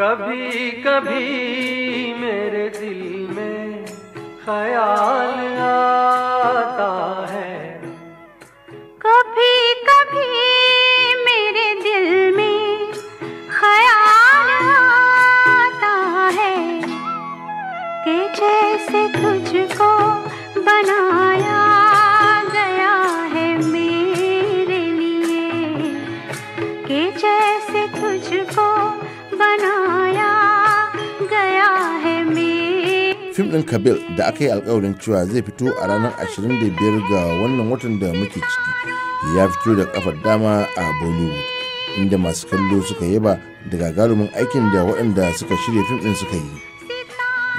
कभी कभी मेरे दिल में ख्याल आता है कभी कभी मेरे दिल में ख्याल आता है कि जैसे तुझको बना fim ɗin kabil da aka yi alkawarin cewa zai fito a ranar 25 ga wannan watan da muke ciki ya fito da kafar dama a bollywood inda masu kallo suka yaba daga gagarumin aikin da waɗanda suka shirya fim ɗin suka yi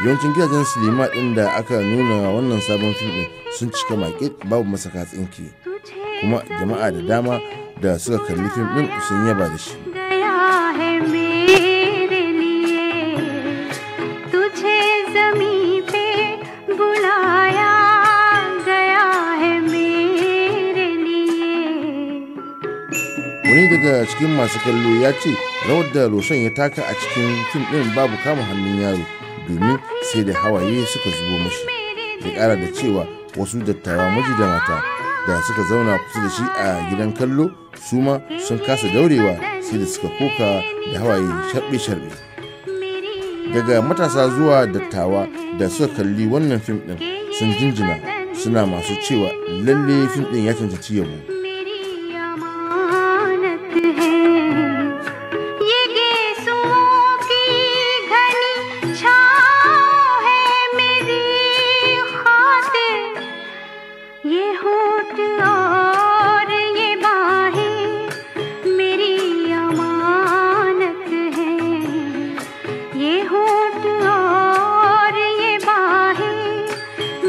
yawancin gidajen silima ɗin da aka nuna wannan sabon fim ɗin sun cika maƙi babu masaka tsinki kuma jama'a da dama da suka kalli fim ɗin sun yaba da shi me wani daga cikin masu kallo ya ce rawar da roshan ya taka a cikin fim din babu kama hannun yaro domin sai da hawaye suka zubo mashi ya ƙara da cewa wasu dattawa miji da mata da suka zauna kusa da shi a gidan kallo su ma sun kasa daurewa sai da suka koka da hawaye sharbe-sharbe daga matasa zuwa dattawa da suka kalli wannan fim din sun jinjina suna masu cewa lalle fim din ya cancanci yabo ये होठ और ये बाहें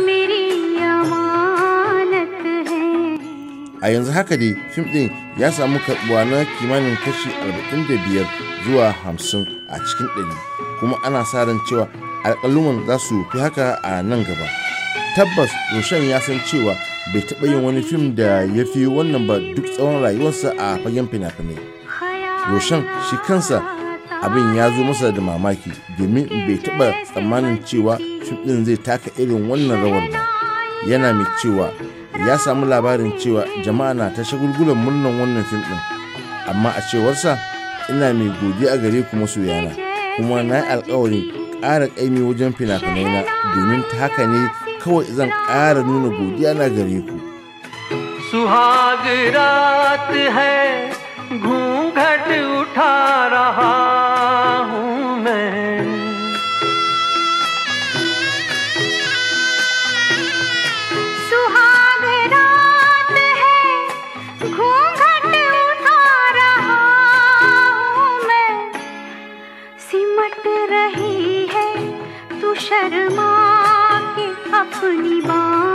मेरी अमानत a yanzu haka dai fim ɗin ya samu karɓuwa na kimanin kashi 45 zuwa 50 a cikin ɗari kuma ana sa ran cewa alƙaluman za su fi haka a nan gaba tabbas roshan ya san cewa bai taɓa yin wani fim da ya fi wannan ba duk tsawon rayuwarsa a fagen fina-finai roshan shi kansa abin ya zo masa da mamaki domin bai taɓa tsammanin cewa fim ɗin zai taka irin wannan rawar ba yana mai cewa ya samu labarin cewa jama'a na ta shagulgulan murnan wannan fim ɗin amma a cewarsa ina mai godiya a gare ku masoyana kuma na yi alkawarin ƙara ƙaimi wajen fina-finai na domin ta haka ne kawai zan ƙara nuna godiya na gare ku. Suhag raat hai घूंघट uthaa शर्मा के अपनी बात